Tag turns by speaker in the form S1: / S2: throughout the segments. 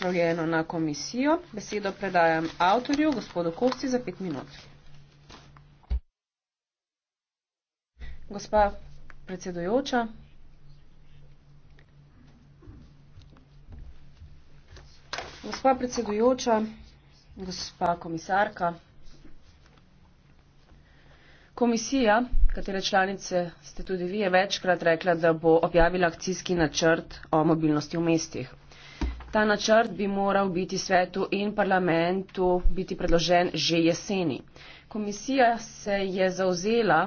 S1: naslovljeno na komisijo. Besedo predajam avtorju, gospodu Kosti, za pet minut. Gospa predsedujoča. Gospa predsedujoča, gospa komisarka, komisija, katere članice ste tudi vi, je večkrat rekla, da bo objavila akcijski načrt o mobilnosti v mestih. Ta načrt bi moral biti svetu in parlamentu biti predložen že jeseni. Komisija se je zauzela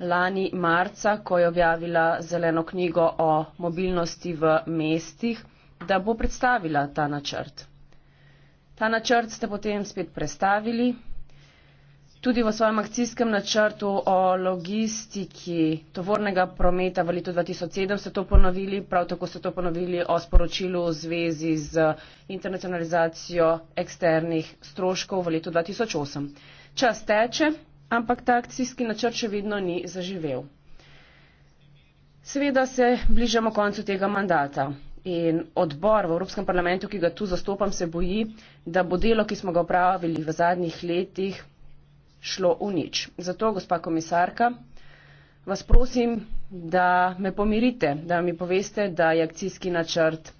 S1: lani marca, ko je objavila zeleno knjigo o mobilnosti v mestih, da bo predstavila ta načrt. Ta načrt ste potem spet predstavili, tudi v svojem akcijskem načrtu o logistiki tovornega prometa v letu 2007 ste to ponovili, prav tako ste to ponovili o sporočilu v zvezi z internacionalizacijo eksternih stroškov v letu 2008. Čas teče, ampak ta akcijski načrt še vedno ni zaživel. Seveda se bližamo koncu tega mandata in odbor v Evropskem parlamentu, ki ga tu zastopam, se boji, da bo delo, ki smo ga upravili v zadnjih letih, šlo v nič. Zato, gospa komisarka, vas prosim, da me pomirite, da mi poveste, da je akcijski načrt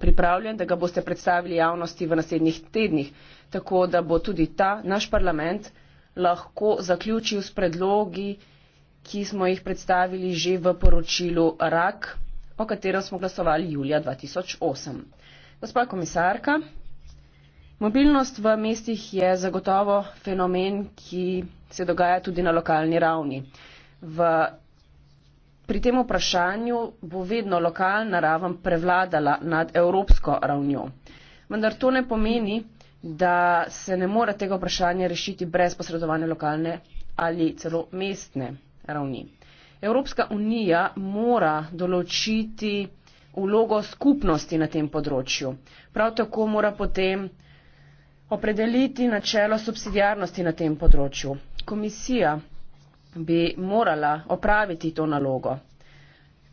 S1: pripravljen, da ga boste predstavili javnosti v naslednjih tednih, tako da bo tudi ta naš parlament lahko zaključil s predlogi, ki smo jih predstavili že v poročilu RAK, o katerem smo glasovali julija 2008. Gospa komisarka, Mobilnost v mestih je zagotovo fenomen, ki se dogaja tudi na lokalni ravni. V, pri tem vprašanju bo vedno lokalna raven prevladala nad evropsko ravnjo. Vendar to ne pomeni, da se ne more tega vprašanja rešiti brez posredovanja lokalne ali celo mestne ravni. Evropska unija mora določiti vlogo skupnosti na tem področju. Prav tako mora potem opredeliti načelo subsidiarnosti na tem področju. Komisija bi morala opraviti to nalogo,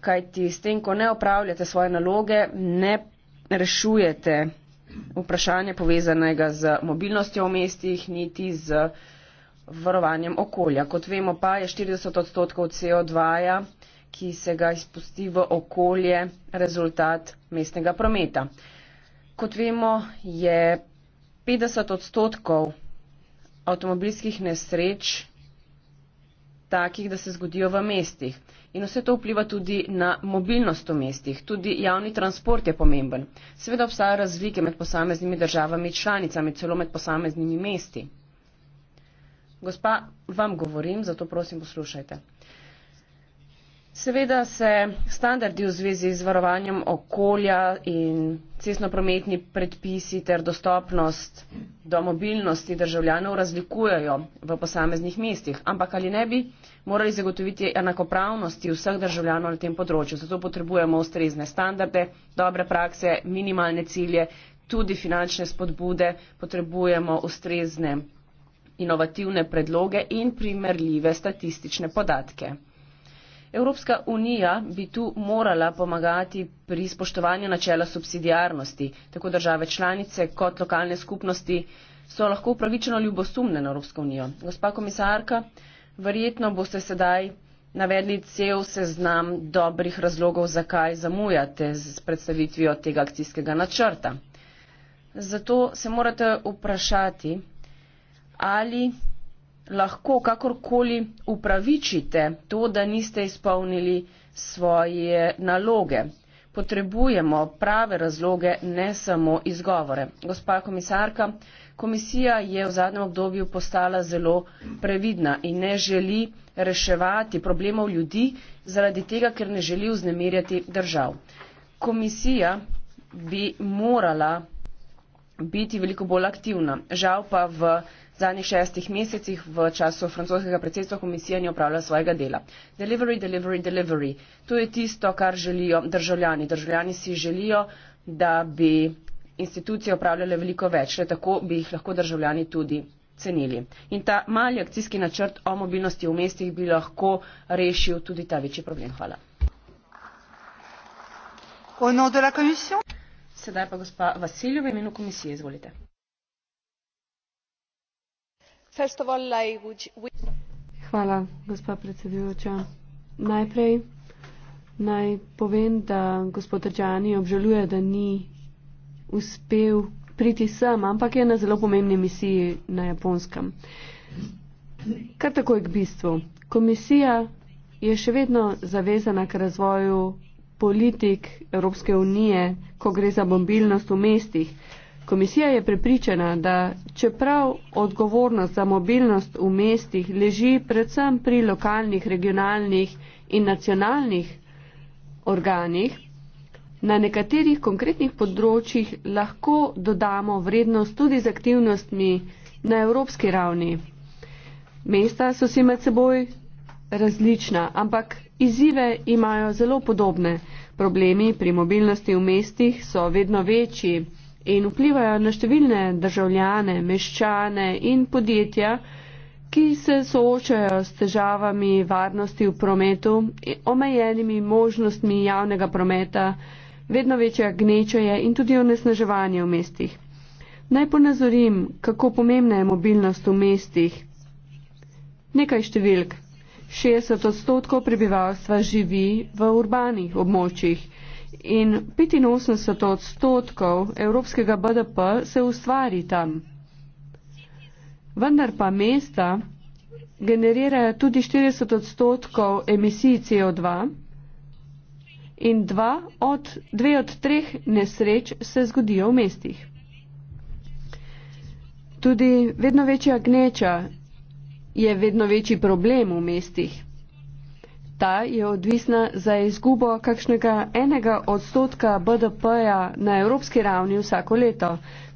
S1: kajti s tem, ko ne opravljate svoje naloge, ne rešujete vprašanje povezanega z mobilnostjo v mestih, niti z varovanjem okolja. Kot vemo pa je 40 odstotkov CO2-ja, ki se ga izpusti v okolje, rezultat mestnega prometa. Kot vemo, je 50 odstotkov avtomobilskih nesreč takih, da se zgodijo v mestih. In vse to vpliva tudi na mobilnost v mestih. Tudi javni transport je pomemben. Seveda obstajajo razlike med posameznimi državami članicami, celo med posameznimi mesti. Gospa, vam govorim, zato prosim poslušajte seveda se standardi v zvezi z varovanjem okolja in cestnoprometni predpisi ter dostopnost do mobilnosti državljanov razlikujejo v posameznih mestih, ampak ali ne bi morali zagotoviti enakopravnosti vseh državljanov na tem področju. Zato potrebujemo ustrezne standarde, dobre prakse, minimalne cilje, tudi finančne spodbude, potrebujemo ustrezne inovativne predloge in primerljive statistične podatke. Evropska unija bi tu morala pomagati pri spoštovanju načela subsidijarnosti. Tako države članice kot lokalne skupnosti so lahko upravičeno ljubosumne na Evropsko unijo. Gospa komisarka, verjetno boste sedaj navedli cel seznam dobrih razlogov, zakaj zamujate z predstavitvijo tega akcijskega načrta. Zato se morate vprašati, ali lahko kakorkoli upravičite to, da niste izpolnili svoje naloge. Potrebujemo prave razloge, ne samo izgovore. Gospa komisarka, komisija je v zadnjem obdobju postala zelo previdna in ne želi reševati problemov ljudi zaradi tega, ker ne želi vznemirjati držav. Komisija bi morala biti veliko bolj aktivna. Žal pa v zadnjih šestih mesecih v času francoskega predsedstva komisija ni opravljala svojega dela. Delivery, delivery, delivery. To je tisto, kar želijo državljani. Državljani si želijo, da bi institucije opravljale veliko več, le tako bi jih lahko državljani tudi. Cenili. In ta mali akcijski načrt o mobilnosti v mestih bi lahko rešil tudi ta večji problem. Hvala. Sedaj pa gospa Vasiljeva, imenu komisije, izvolite.
S2: Hvala, gospa predsedujoča. Najprej naj povem, da gospod Držani obžaluje, da ni uspel priti sem, ampak je na zelo pomembni misiji na japonskem. Kar tako je k bistvu. Komisija je še vedno zavezana k razvoju politik Evropske unije, ko gre za mobilnost v mestih. Komisija je prepričana, da čeprav odgovornost za mobilnost v mestih leži predvsem pri lokalnih, regionalnih in nacionalnih organih, na nekaterih konkretnih področjih lahko dodamo vrednost tudi z aktivnostmi na evropski ravni. Mesta so si med seboj različna, ampak izzive imajo zelo podobne. Problemi pri mobilnosti v mestih so vedno večji in vplivajo na številne državljane, meščane in podjetja, ki se soočajo s težavami varnosti v prometu, omejenimi možnostmi javnega prometa, vedno večja gnečaje in tudi onesnaževanje v mestih. Naj ponazorim, kako pomembna je mobilnost v mestih. Nekaj številk. 60 odstotkov prebivalstva živi v urbanih območjih in 85 odstotkov evropskega BDP se ustvari tam. Vendar pa mesta generirajo tudi 40 odstotkov emisij CO2 in dva od, dve od treh nesreč se zgodijo v mestih. Tudi vedno večja gneča je vedno večji problem v mestih. Ta je odvisna za izgubo kakšnega enega odstotka BDP-ja na evropski ravni vsako leto.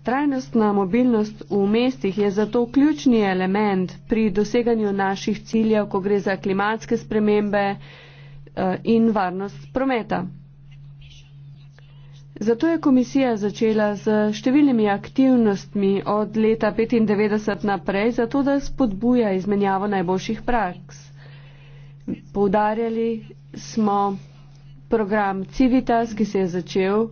S2: Trajnostna mobilnost v mestih je zato ključni element pri doseganju naših ciljev, ko gre za klimatske spremembe eh, in varnost prometa. Zato je komisija začela z številnimi aktivnostmi od leta 1995 naprej, zato da spodbuja izmenjavo najboljših praks poudarjali smo program Civitas, ki se je začel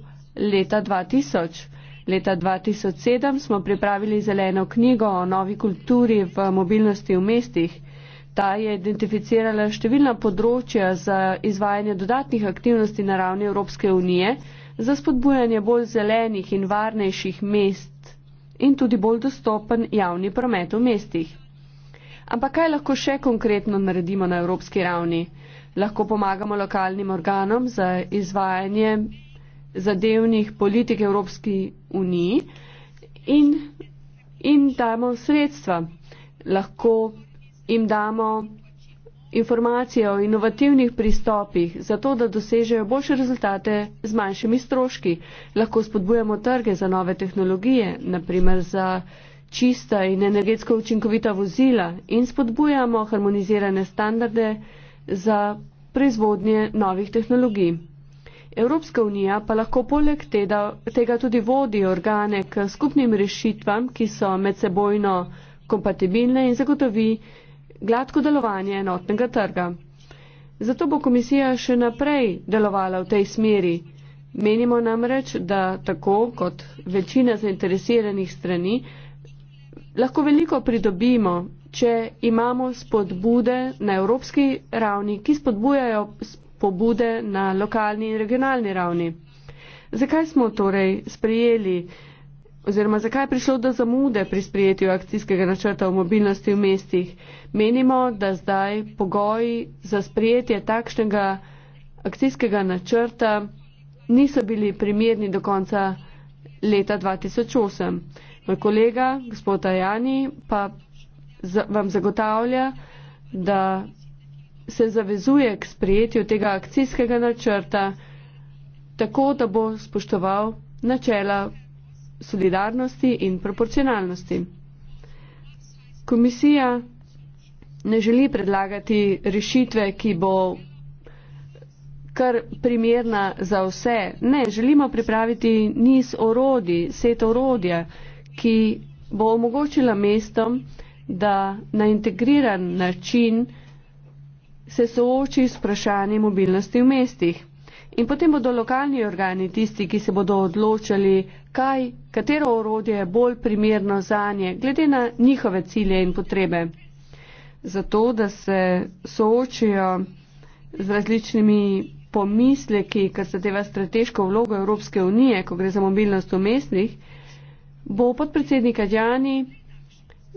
S2: leta 2000. Leta 2007 smo pripravili zeleno knjigo o novi kulturi v mobilnosti v mestih. Ta je identificirala številna področja za izvajanje dodatnih aktivnosti na ravni Evropske unije za spodbujanje bolj zelenih in varnejših mest in tudi bolj dostopen javni promet v mestih. Ampak kaj lahko še konkretno naredimo na evropski ravni? Lahko pomagamo lokalnim organom za izvajanje zadevnih politik Evropski uniji in, in dajmo sredstva. Lahko jim damo informacije o inovativnih pristopih, zato da dosežejo boljše rezultate z manjšimi stroški. Lahko spodbujamo trge za nove tehnologije, naprimer za čista in energetsko učinkovita vozila in spodbujamo harmonizirane standarde za proizvodnje novih tehnologij. Evropska unija pa lahko poleg tega, tega tudi vodi organe k skupnim rešitvam, ki so medsebojno kompatibilne in zagotovi gladko delovanje enotnega trga. Zato bo komisija še naprej delovala v tej smeri. Menimo namreč, da tako kot večina zainteresiranih strani Lahko veliko pridobimo, če imamo spodbude na evropski ravni, ki spodbujajo pobude na lokalni in regionalni ravni. Zakaj smo torej sprejeli oziroma zakaj je prišlo do zamude pri sprijetju akcijskega načrta o mobilnosti v mestih? Menimo, da zdaj pogoji za sprijetje takšnega akcijskega načrta niso bili primerni do konca leta 2008. Moj kolega, gospod Tajani, pa vam zagotavlja, da se zavezuje k sprejetju tega akcijskega načrta, tako da bo spoštoval načela solidarnosti in proporcionalnosti. Komisija ne želi predlagati rešitve, ki bo kar primerna za vse. Ne, želimo pripraviti niz orodij, set orodja, ki bo omogočila mestom, da na integriran način se sooči s vprašanjem mobilnosti v mestih. In potem bodo lokalni organi tisti, ki se bodo odločali, kaj, katero orodje je bolj primerno za nje, glede na njihove cilje in potrebe. Zato, da se soočijo z različnimi pomisleki, kar se deva strateško vlogo Evropske unije, ko gre za mobilnost v mestnih, bo podpredsednik Adjani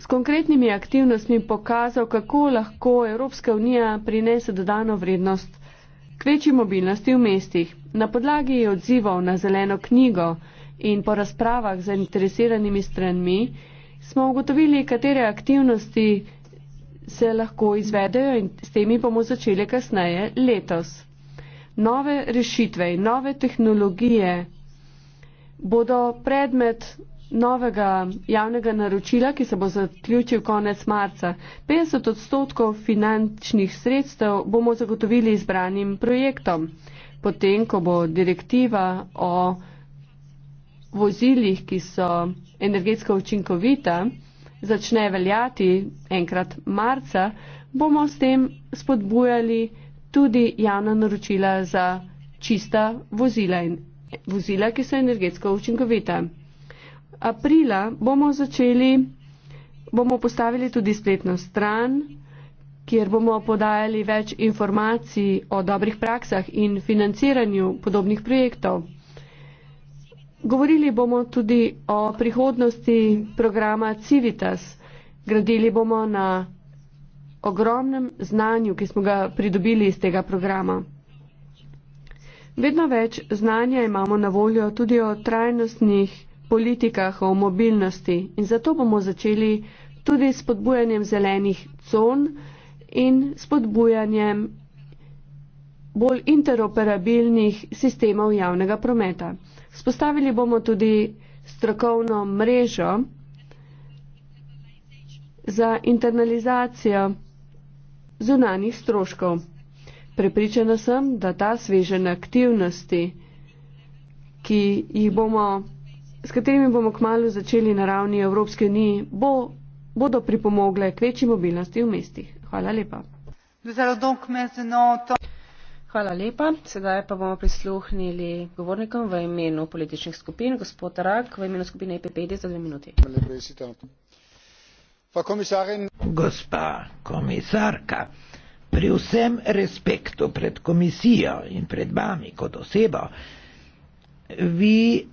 S2: s konkretnimi aktivnostmi pokazal, kako lahko Evropska unija prinese dodano vrednost k večji mobilnosti v mestih. Na podlagi odzivov na zeleno knjigo in po razpravah z zainteresiranimi stranmi smo ugotovili, katere aktivnosti se lahko izvedejo in s temi bomo začeli kasneje letos. Nove rešitve in nove tehnologije bodo predmet novega javnega naročila, ki se bo zaključil konec marca. 50 odstotkov finančnih sredstev bomo zagotovili izbranim projektom, potem, ko bo direktiva o vozilih, ki so energetsko učinkovita, začne veljati enkrat marca, bomo s tem spodbujali tudi javna naročila za čista vozila in vozila, ki so energetsko učinkovita aprila bomo začeli, bomo postavili tudi spletno stran, kjer bomo podajali več informacij o dobrih praksah in financiranju podobnih projektov. Govorili bomo tudi o prihodnosti programa Civitas. Gradili bomo na ogromnem znanju, ki smo ga pridobili iz tega programa. Vedno več znanja imamo na voljo tudi o trajnostnih politikah o mobilnosti in zato bomo začeli tudi s podbujanjem zelenih con in s podbujanjem bolj interoperabilnih sistemov javnega prometa. Spostavili bomo tudi strokovno mrežo za internalizacijo zunanih stroškov. Prepričana sem, da ta sveženj aktivnosti, ki jih bomo s katerimi bomo kmalo začeli na ravni Evropske unije, bo, bodo pripomogle k večji mobilnosti v mestih. Hvala lepa.
S1: Hvala lepa. Sedaj pa bomo prisluhnili govornikom v imenu političnih skupin. Gospod Rak, v imenu skupine EPP, za dve minuti.
S3: Gospa komisarka, pri vsem respektu pred komisijo in pred vami kot osebo, vi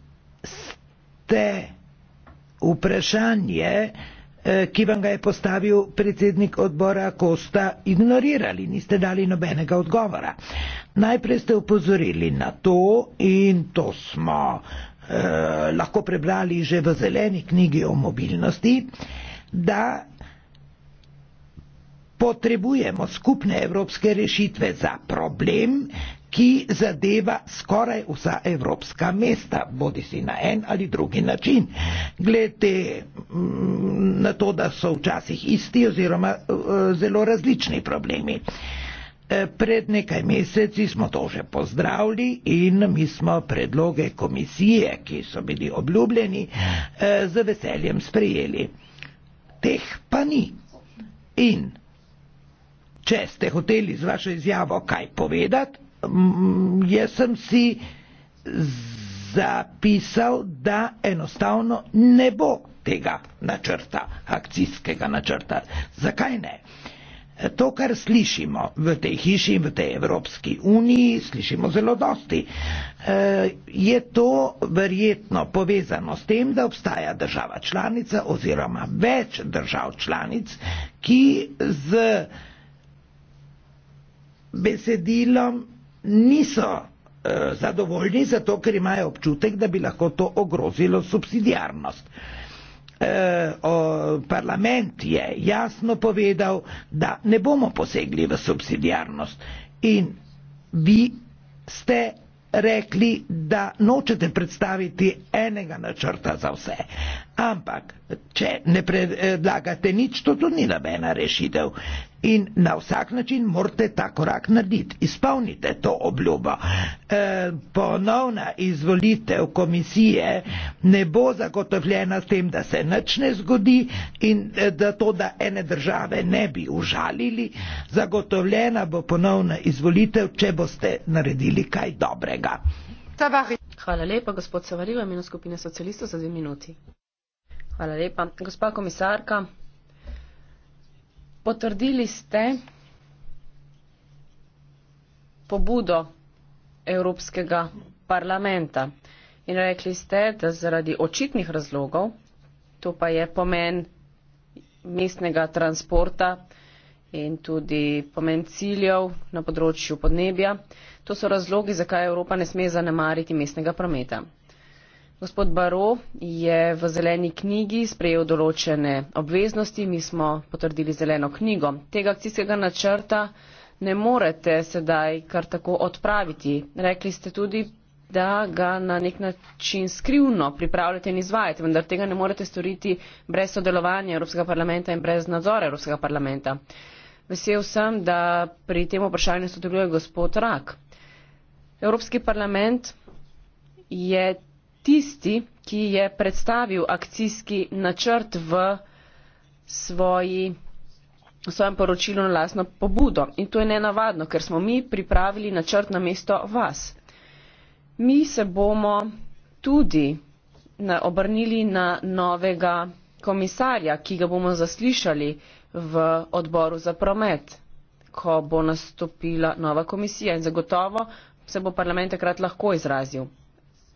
S3: ste tiste vprašanje, eh, ki vam ga je postavil predsednik odbora Kosta, ignorirali, niste dali nobenega odgovora. Najprej ste upozorili na to in to smo eh, lahko prebrali že v zeleni knjigi o mobilnosti, da potrebujemo skupne evropske rešitve za problem, ki zadeva skoraj vsa evropska mesta, bodi si na en ali drugi način. Glede mm, na to, da so včasih isti oziroma eh, zelo različni problemi. Eh, pred nekaj meseci smo to že pozdravili in mi smo predloge komisije, ki so bili obljubljeni, eh, z veseljem sprejeli. Teh pa ni. In če ste hoteli z vašo izjavo kaj povedati, Mm, jaz sem si zapisal, da enostavno ne bo tega načrta, akcijskega načrta. Zakaj ne? To, kar slišimo v tej hiši in v tej Evropski uniji, slišimo zelo dosti. E, je to verjetno povezano s tem, da obstaja država članica oziroma več držav članic, ki z besedilom niso uh, zadovoljni, zato ker imajo občutek, da bi lahko to ogrozilo subsidijarnost. Uh, eh, parlament je jasno povedal, da ne bomo posegli v subsidijarnost in vi ste rekli, da nočete predstaviti enega načrta za vse. Ampak, če ne predlagate nič, to tudi ni nobena rešitev. In na vsak način morate ta korak narediti. Izpolnite to obljubo. E, ponovna izvolitev komisije ne bo zagotovljena s tem, da se nič ne zgodi in e, da to, da ene države ne bi užalili. Zagotovljena bo ponovna izvolitev, če boste naredili kaj dobrega.
S1: Hvala lepa, gospod Savarijo, imenu skupine socialistov za dve minuti. Hvala lepa. Gospa komisarka, potrdili ste pobudo Evropskega parlamenta in rekli ste, da zaradi očitnih razlogov, to pa je pomen mestnega transporta in tudi pomen ciljev na področju podnebja, to so razlogi, zakaj Evropa ne sme zanemariti mestnega prometa. Gospod Baro je v zeleni knjigi sprejel določene obveznosti, mi smo potrdili zeleno knjigo. Tega akcijskega načrta ne morete sedaj kar tako odpraviti. Rekli ste tudi, da ga na nek način skrivno pripravljate in izvajate, vendar tega ne morete storiti brez sodelovanja Evropskega parlamenta in brez nadzora Evropskega parlamenta. Vesel sem, da pri tem vprašanju sodeluje gospod Rak. Evropski parlament je tisti, ki je predstavil akcijski načrt v, svoji, v svojem poročilu na lasno pobudo. In to je nenavadno, ker smo mi pripravili načrt na mesto vas. Mi se bomo tudi na, obrnili na novega komisarja, ki ga bomo zaslišali v odboru za promet, ko bo nastopila nova komisija in zagotovo se bo parlament takrat lahko izrazil.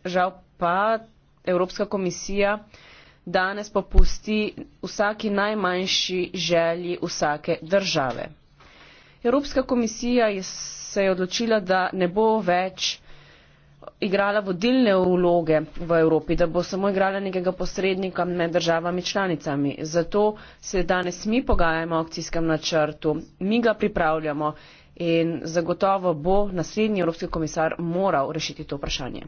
S1: Žal pa Evropska komisija danes popusti vsaki najmanjši želji vsake države. Evropska komisija se je odločila, da ne bo več igrala vodilne uloge v Evropi, da bo samo igrala nekega posrednika med državami članicami. Zato se danes mi pogajamo o akcijskem načrtu, mi ga pripravljamo in zagotovo bo naslednji evropski komisar moral rešiti to vprašanje.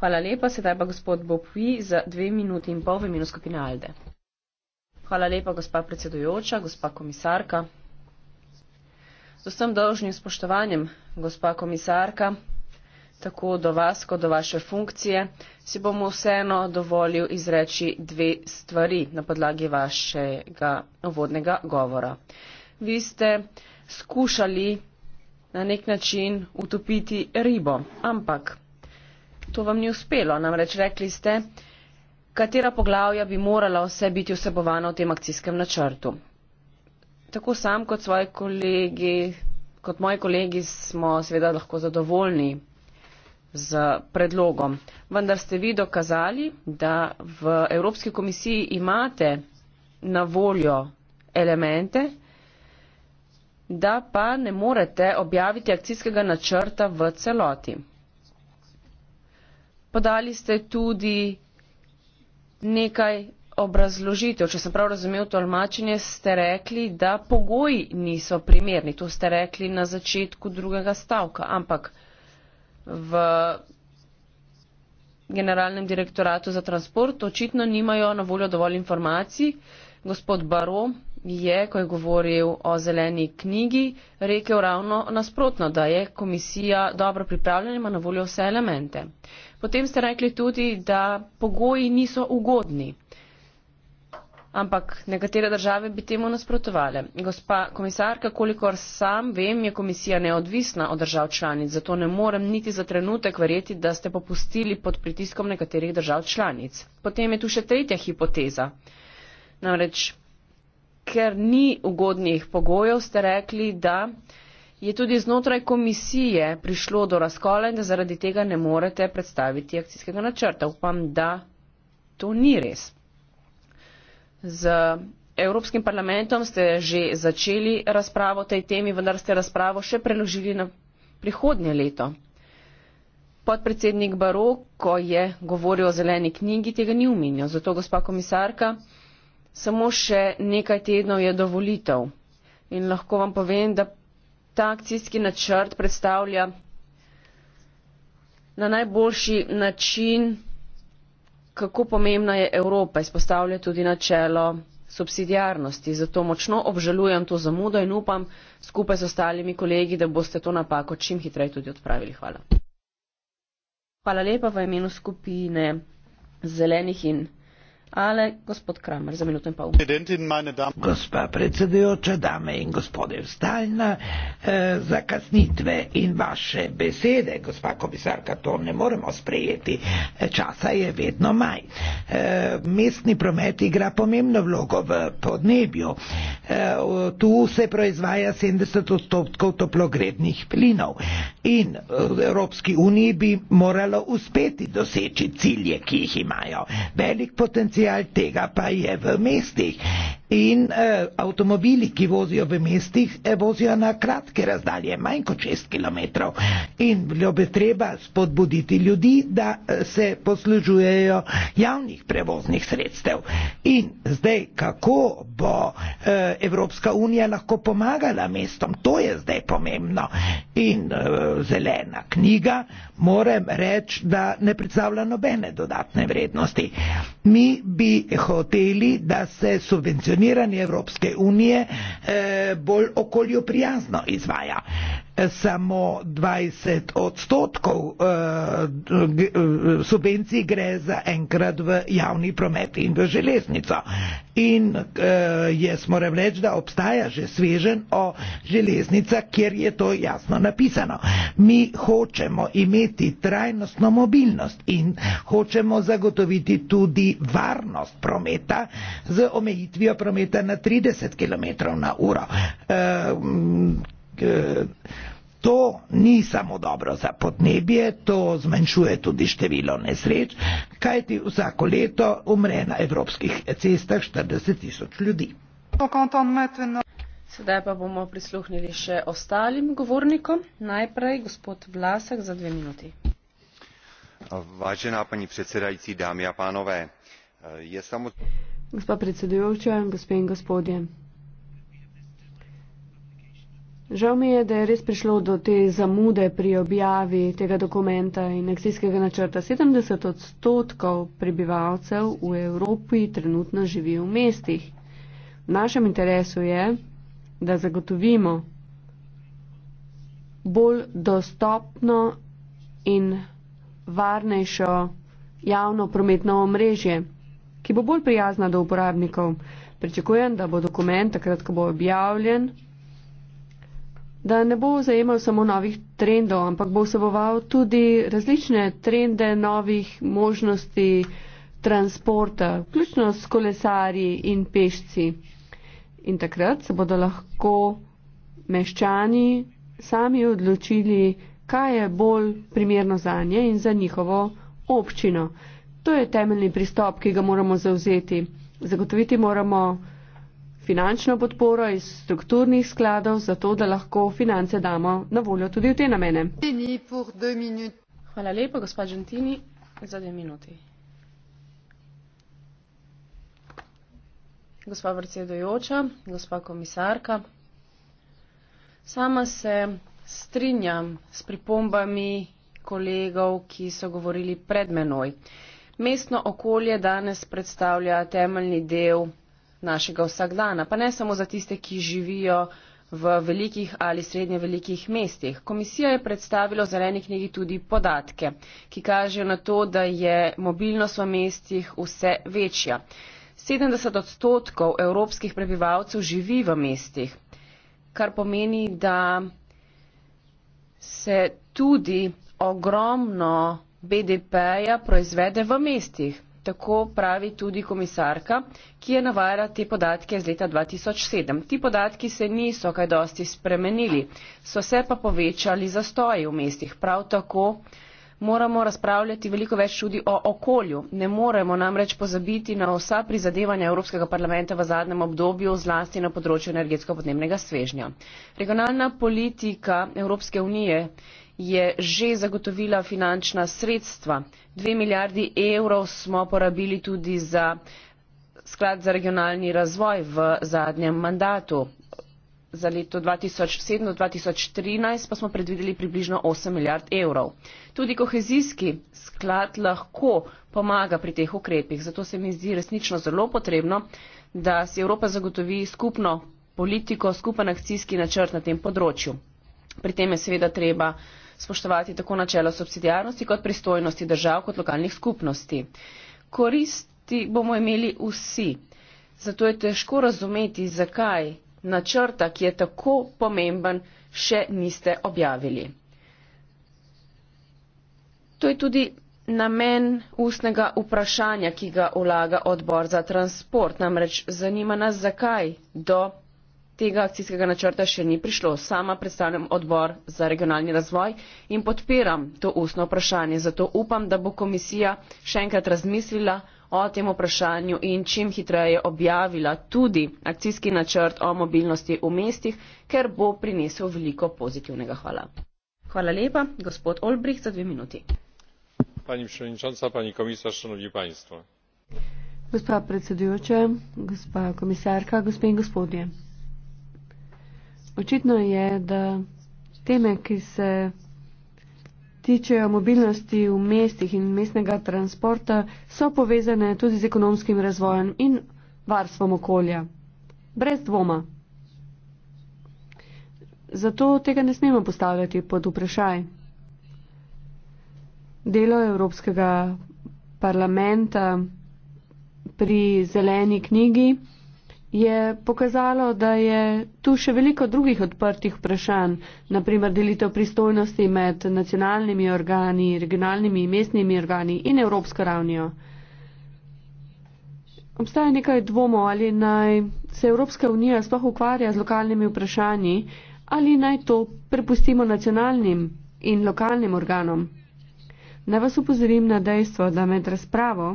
S1: Hvala lepa, sedaj pa gospod Bopvi za dve minuti in pol v imenu skupine Alde. Hvala lepa, gospa predsedujoča, gospa komisarka. Z vsem dolžnim spoštovanjem, gospa komisarka, tako do vas, kot do vaše funkcije, si bomo vseeno dovolil izreči dve stvari na podlagi vašega uvodnega govora. Vi ste skušali na nek način utopiti ribo, ampak to vam ni uspelo namreč rekli ste katera poglavja bi morala vse biti vsebovana v tem akcijskem načrtu. Tako sam kot svoji kolegi, kot moji kolegi smo seveda lahko zadovoljni z predlogom. Vendar ste vi dokazali, da v Evropski komisiji imate na voljo elemente, da pa ne morete objaviti akcijskega načrta v celoti podali ste tudi nekaj obrazložitev. Če sem prav razumel tolmačenje, ste rekli, da pogoji niso primerni. To ste rekli na začetku drugega stavka, ampak v generalnem direktoratu za transport očitno nimajo na voljo dovolj informacij. Gospod Baro, je, ko je govoril o zeleni knjigi, rekel ravno nasprotno, da je komisija dobro pripravljena in ima na voljo vse elemente. Potem ste rekli tudi, da pogoji niso ugodni, ampak nekatere države bi temu nasprotovale. Gospa komisarka, kolikor sam vem, je komisija neodvisna od držav članic, zato ne morem niti za trenutek verjeti, da ste popustili pod pritiskom nekaterih držav članic. Potem je tu še tretja hipoteza. Namreč ker ni ugodnih pogojev, ste rekli, da je tudi znotraj komisije prišlo do razkola in da zaradi tega ne morete predstaviti akcijskega načrta. Upam, da to ni res. Z Evropskim parlamentom ste že začeli razpravo o tej temi, vendar ste razpravo še preložili na prihodnje leto. Podpredsednik Barok, ko je govoril o zeleni knjigi, tega ni umenil. Zato, gospa komisarka, samo še nekaj tednov je dovolitev. In lahko vam povem, da ta akcijski načrt predstavlja na najboljši način, kako pomembna je Evropa, izpostavlja tudi načelo subsidijarnosti. Zato močno obžalujem to zamudo in upam skupaj z ostalimi kolegi, da boste to napako čim hitreje tudi odpravili. Hvala. Hvala lepa v imenu skupine zelenih in
S3: gospa predsedujoča, dame in gospode, vstaljna eh, zakasnitve in vaše besede, gospa komisarka, to ne moremo sprejeti, eh, časa je vedno maj. Eh, mestni promet igra pomembno vlogo v podnebju. Eh, tu se proizvaja 70 odstotkov toplogrednih plinov in v eh, Evropski uniji bi moralo uspeti doseči cilje, ki jih imajo. Velik potencial potencial tega pa je v mestih in eh, avtomobili, ki vozijo v mestih, eh, vozijo na kratke razdalje, manj kot 6 km. In bilo bi treba spodbuditi ljudi, da eh, se poslužujejo javnih prevoznih sredstev. In zdaj, kako bo eh, Evropska unija lahko pomagala mestom, to je zdaj pomembno. In eh, zelena knjiga, moram reči, da ne predstavlja nobene dodatne vrednosti. Mi bi hoteli, da se subvencionirajo funkcioniranje Evropske unije eh, bolj okoljoprijazno izvaja samo 20 odstotkov eh, eh, subvencij gre za enkrat v javni promet in v železnico. In eh, jaz moram reči, da obstaja že svežen o železnica, kjer je to jasno napisano. Mi hočemo imeti trajnostno mobilnost in hočemo zagotoviti tudi varnost prometa z omejitvijo prometa na 30 km na uro. Eh, to ni samo dobro za podnebje, to zmanjšuje tudi število nesreč, kajti vsako leto umre na evropskih cestah 40 tisoč ljudi. Sedaj
S1: pa bomo prisluhnili še ostalim govornikom. Najprej gospod Vlasek za dve minuti.
S3: Vážená paní predsedajúci, dámy a pánové, eh, je samozrejme.
S2: Gospa predsedujúča, gospe in gospodje. Žal mi je, da je res prišlo do te zamude pri objavi tega dokumenta in akcijskega načrta. 70 odstotkov prebivalcev v Evropi trenutno živi v mestih. V našem interesu je, da zagotovimo bolj dostopno in varnejšo javno prometno omrežje, ki bo bolj prijazna do uporabnikov. Pričakujem, da bo dokument, takrat, ko bo objavljen, da ne bo zajemal samo novih trendov, ampak bo vseboval tudi različne trende novih možnosti transporta, vključno s kolesarji in pešci. In takrat se bodo lahko meščani sami odločili, kaj je bolj primerno za nje in za njihovo občino. To je temeljni pristop, ki ga moramo zauzeti. Zagotoviti moramo finančno podporo iz strukturnih skladov, zato da lahko finance damo na voljo tudi v te namene.
S1: Hvala lepa, gospod Gentini, za dve minuti. Gospa predsedojoča, gospa komisarka, sama se strinjam s pripombami kolegov, ki so govorili pred menoj. Mestno okolje danes predstavlja temeljni del našega vsakdana, pa ne samo za tiste, ki živijo v velikih ali srednje velikih mestih. Komisija je predstavila v zeleni knjigi tudi podatke, ki kažejo na to, da je mobilnost v mestih vse večja. 70 odstotkov evropskih prebivalcev živi v mestih, kar pomeni, da se tudi ogromno BDP-ja proizvede v mestih tako pravi tudi komisarka, ki je navajala te podatke iz leta 2007. Ti podatki se niso kaj dosti spremenili, so se pa povečali zastoji v mestih. Prav tako moramo razpravljati veliko več tudi o okolju. Ne moremo namreč pozabiti na vsa prizadevanja Evropskega parlamenta v zadnjem obdobju, zlasti na področju energetsko-podnebnega svežnja. Regionalna politika Evropske unije je že zagotovila finančna sredstva dve milijardi evrov smo porabili tudi za sklad za regionalni razvoj v zadnjem mandatu za leto 2007 do 2013 pa smo predvideli približno 8 milijard evrov. Tudi kohezijski sklad lahko pomaga pri teh ukrepih, zato se mi zdi resnično zelo potrebno, da si Evropa zagotovi skupno politiko, skupen akcijski načrt na tem področju. Pri tem je seveda treba uh, spoštovati tako načelo subsidijarnosti kot pristojnosti držav kot lokalnih skupnosti. Koristi bomo imeli vsi. Zato je težko razumeti, zakaj načrta, ki je tako pomemben, še niste objavili. To je tudi namen ustnega vprašanja, ki ga vlaga odbor za transport. Namreč zanima nas, zakaj do tega akcijskega načrta še ni prišlo. Sama predstavljam odbor za regionalni razvoj in podpiram to ustno vprašanje. Zato upam, da bo komisija še enkrat razmislila o tem vprašanju in čim hitreje objavila tudi akcijski načrt o mobilnosti v mestih, ker bo prinesel veliko pozitivnega. Hvala. Hvala lepa, gospod Olbrich, za dve minuti.
S2: Pani predsednica, pani komisar, šanovni państvo. Gospa predsedujoča, gospa komisarka, gospe in gospodje. Očitno je, da teme, ki se tičejo mobilnosti v mestih in mestnega transporta, so povezane tudi z ekonomskim razvojem in varstvom okolja. Brez dvoma. Zato tega ne smemo postavljati pod vprašaj. Delo Evropskega parlamenta pri zeleni knjigi je pokazalo, da je tu še veliko drugih odprtih vprašanj, naprimer delitev pristojnosti med nacionalnimi organi, regionalnimi in mestnimi organi in evropsko ravnjo. Obstaja nekaj dvomov, ali naj se Evropska unija sploh ukvarja z lokalnimi vprašanji, ali naj to prepustimo nacionalnim in lokalnim organom. Naj vas upozorim na dejstvo, da med razpravo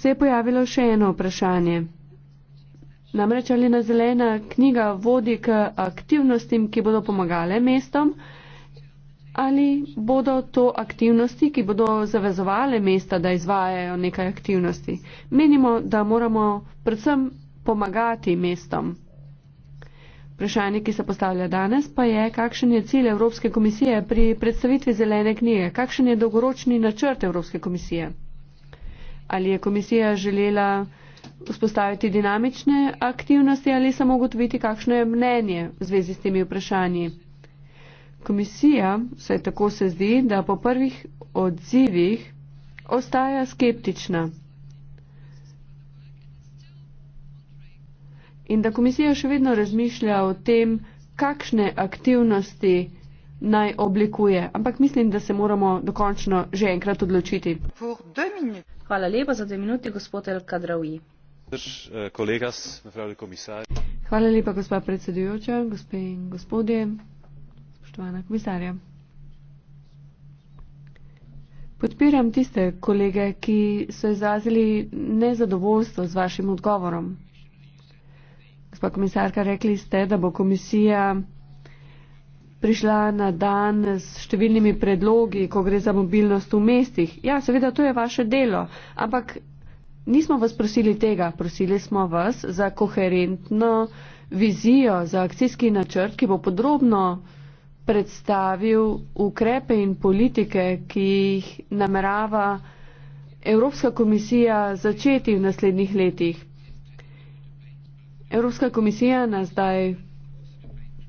S2: se je pojavilo še eno vprašanje. Namreč ali na zelena knjiga vodi k aktivnostim, ki bodo pomagale mestom, ali bodo to aktivnosti, ki bodo zavezovale mesta, da izvajajo nekaj aktivnosti. Menimo, da moramo predvsem pomagati mestom. Vprašanje, ki se postavlja danes, pa je, kakšen je cilj Evropske komisije pri predstavitvi zelene knjige, kakšen je dolgoročni načrt Evropske komisije ali je komisija želela vzpostaviti dinamične aktivnosti ali samo ugotoviti, kakšno je mnenje v zvezi s temi vprašanji. Komisija, vsaj tako se zdi, da po prvih odzivih ostaja skeptična in da komisija še vedno razmišlja o tem, kakšne aktivnosti naj oblikuje. Ampak mislim, da se moramo dokončno že enkrat odločiti.
S1: Hvala lepa za dve minuti, gospod El Kadravi.
S2: Eh, Hvala lepa, gospa predsedujoča, gospe in gospodje, spoštovana komisarja. Podpiram tiste kolege, ki so izrazili nezadovoljstvo z vašim odgovorom. Gospa komisarka, rekli ste, da bo komisija prišla na dan s številnimi predlogi, ko gre za mobilnost v mestih. Ja, seveda, to je vaše delo, ampak nismo vas prosili tega, prosili smo vas za koherentno vizijo, za akcijski načrt, ki bo podrobno predstavil ukrepe in politike, ki jih namerava Evropska komisija začeti v naslednjih letih. Evropska komisija nas zdaj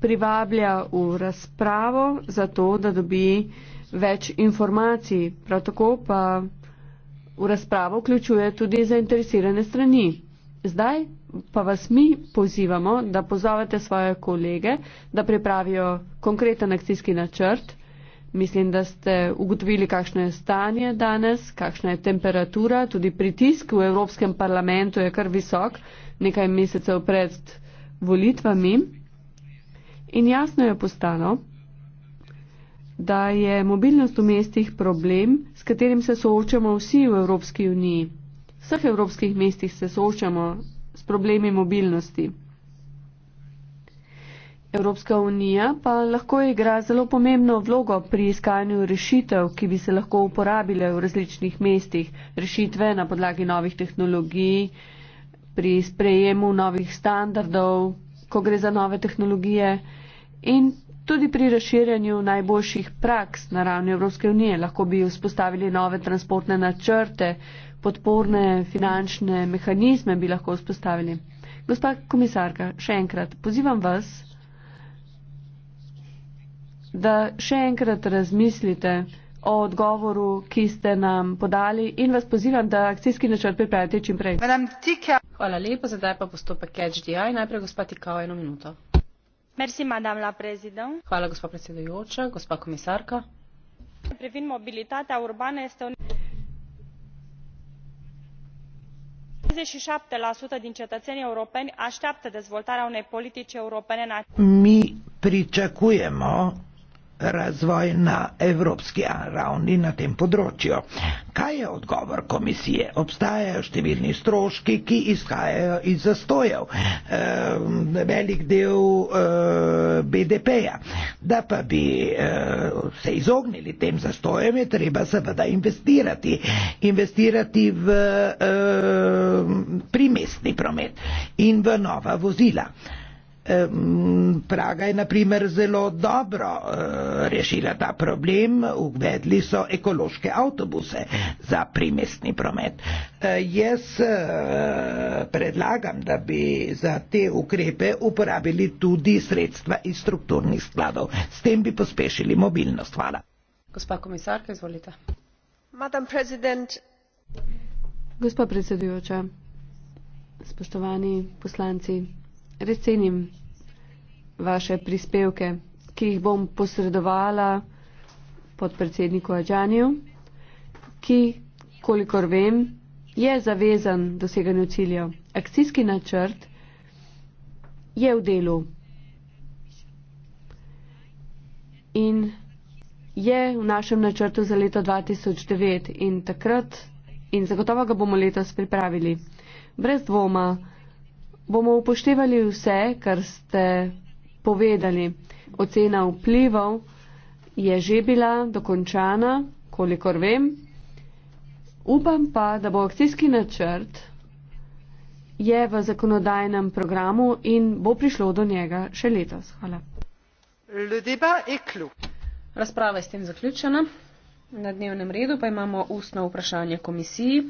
S2: privablja v razpravo za to, da dobi več informacij. Prav tako pa v razpravo vključuje tudi zainteresirane strani. Zdaj pa vas mi pozivamo, da pozovete svoje kolege, da pripravijo konkreten akcijski načrt. Mislim, da ste ugotovili, kakšno je stanje danes, kakšna je temperatura, tudi pritisk v Evropskem parlamentu je kar visok, nekaj mesecev pred volitvami. In jasno je postalo, da je mobilnost v mestih problem, s katerim se soočamo vsi v Evropski uniji. V vseh evropskih mestih se soočamo s problemi mobilnosti. Evropska unija pa lahko igra zelo pomembno vlogo pri iskanju rešitev, ki bi se lahko uporabile v različnih mestih. Rešitve na podlagi novih tehnologij, pri sprejemu novih standardov, ko gre za nove tehnologije in tudi pri razširjanju najboljših praks na ravni Evropske unije lahko bi vzpostavili nove transportne načrte, podporne finančne mehanizme bi lahko vzpostavili. Gospa komisarka, še enkrat pozivam vas, da še enkrat razmislite o odgovoru, ki ste nam podali in vas pozivam, da akcijski načrt pripravite čim prej.
S1: Hvala lepa, zdaj pa postopek HDI. Najprej gospa Tikao eno minuto privind mobilitatea urbană este treizeci și șapte din cetățenii europeni așteaptă dezvoltarea unei politici europene în acest
S3: domeniu razvoj na evropski ravni na tem področju. Kaj je odgovor komisije? Obstajajo številni stroški, ki izhajajo iz zastojev, e, velik del e, BDP-ja. Da pa bi e, se izognili tem zastojem, je treba seveda investirati. Investirati v e, primestni promet in v nova vozila. Praga je naprimer zelo dobro eh, rešila ta problem, uvedli so ekološke avtobuse za primestni promet. Eh, jaz eh, predlagam, da bi za te ukrepe uporabili tudi sredstva iz strukturnih skladov. S tem bi pospešili mobilnost. Hvala.
S1: Gospa komisarka, izvolite. Madam president. Gospa
S2: predsedujoča, spoštovani poslanci recenim vaše prispevke, ki jih bom posredovala podpredsedniku Ađanju, ki, kolikor vem, je zavezan doseganju ciljev. Akcijski načrt je v delu in je v našem načrtu za leto 2009 in takrat in zagotovo ga bomo letos pripravili. Brez dvoma bomo upoštevali vse, kar ste povedali. Ocena vplivov je že bila dokončana, kolikor vem. Upam pa, da bo akcijski načrt je v zakonodajnem programu in bo prišlo do njega še letos.
S1: Hvala. Razprava je s tem zaključena. Na dnevnem redu pa imamo ustno vprašanje komisiji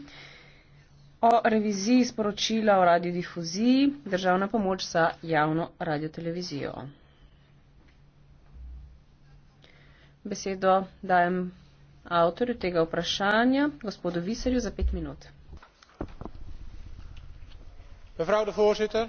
S1: o reviziji sporočila o radiodifuziji, državna pomoč za javno radiotelevizijo. Besedo dajem avtorju tega vprašanja, gospodu Viserju, za pet minut.
S2: Mevrouw de voorzitter,